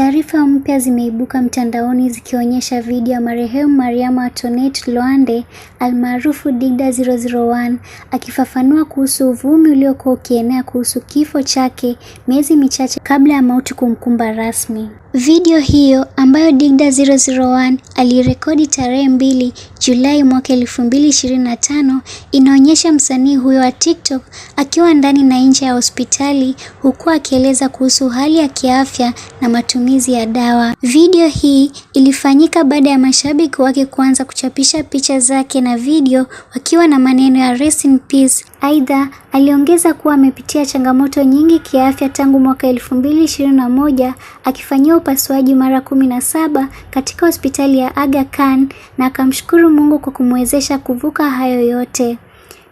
Taarifa mpya zimeibuka mtandaoni zikionyesha video ya marehemu Mariam Antoinette Lwande almaarufu Digda 001 akifafanua kuhusu uvumi uliokuwa ukienea kuhusu kifo chake miezi michache kabla ya mauti kumkumba rasmi. Video hiyo ambayo Digda001 alirekodi tarehe 2 Julai mwaka 2025 inaonyesha msanii huyo wa TikTok akiwa ndani na nje ya hospitali huku akieleza kuhusu hali ya kiafya na matumizi ya dawa. Video hii ilifanyika baada ya mashabiki wake kuanza kuchapisha picha zake na video wakiwa na maneno ya rest in peace. Aidha, Aliongeza kuwa amepitia changamoto nyingi kiafya tangu mwaka 2021 akifanyiwa upasuaji mara 17 katika hospitali ya Aga Khan na akamshukuru Mungu kwa kumwezesha kuvuka hayo yote.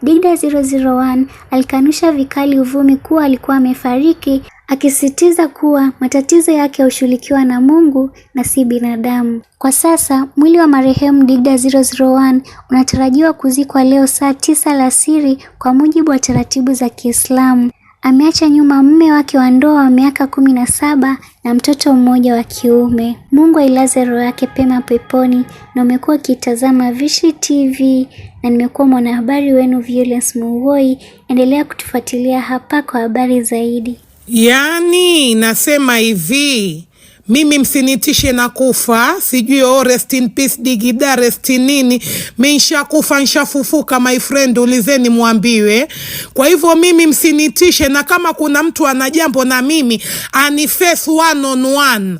Digda 001 alikanusha vikali uvumi kuwa alikuwa amefariki akisisitiza kuwa matatizo yake hushughulikiwa na Mungu na si binadamu. Kwa sasa mwili wa marehemu Digda 001 unatarajiwa kuzikwa leo saa tisa alasiri kwa mujibu wa taratibu za Kiislamu. Ameacha nyuma mume wake wa ndoa wa miaka kumi na saba na mtoto mmoja wa kiume. Mungu ailaze roho yake pema peponi, na umekuwa ukitazama Veushly TV na nimekuwa mwanahabari wenu Violence Mugoi. Endelea kutufuatilia hapa kwa habari zaidi. Yaani nasema hivi mimi msinitishe na kufa, sijui oh, rest in peace Digida, rest nini. Mimi nshakufa nshafufuka, my friend, ulizeni mwambiwe. Kwa hivyo mimi msinitishe, na kama kuna mtu ana jambo na mimi anifes 1on one on one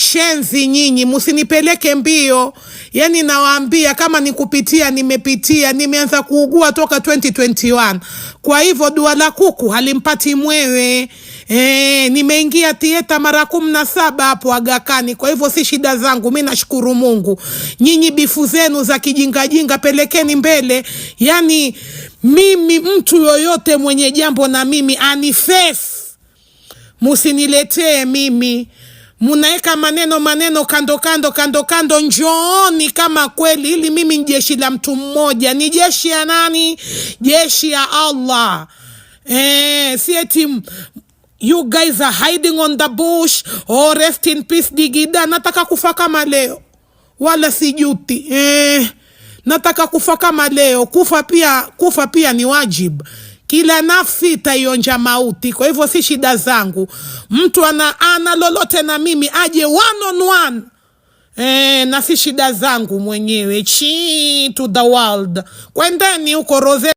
Shenzi nyinyi, msinipeleke mbio. Yani nawaambia kama nikupitia, nimepitia, nimeanza kuugua toka 2021. Kwa hivyo dua la kuku halimpati mwewe. Eh, nimeingia tieta mara kumi na saba hapo Agakani. Kwa hivyo si shida zangu, mi nashukuru Mungu. Nyinyi bifu zenu za kijingajinga pelekeni mbele. Yani mimi mtu yoyote mwenye jambo na mimi anifes, musiniletee mimi munaweka maneno maneno kando kando kando kando, njooni kama kweli ili mimi ni jeshi la mtu mmoja. Ni jeshi ya nani? Jeshi ya Allah. E, si eti you guys are hiding on the bush or oh, rest in peace Digida. Nataka kufa kama leo, wala sijuti. E, eh, nataka kufa kama leo. Kufa pia, kufa pia ni wajibu. Kila nafsi itaionja mauti. Kwa hivyo si shida zangu, mtu ana, ana lolote na mimi aje one on one. E, na si shida zangu mwenyewe chi to the world, kwendeni huko roze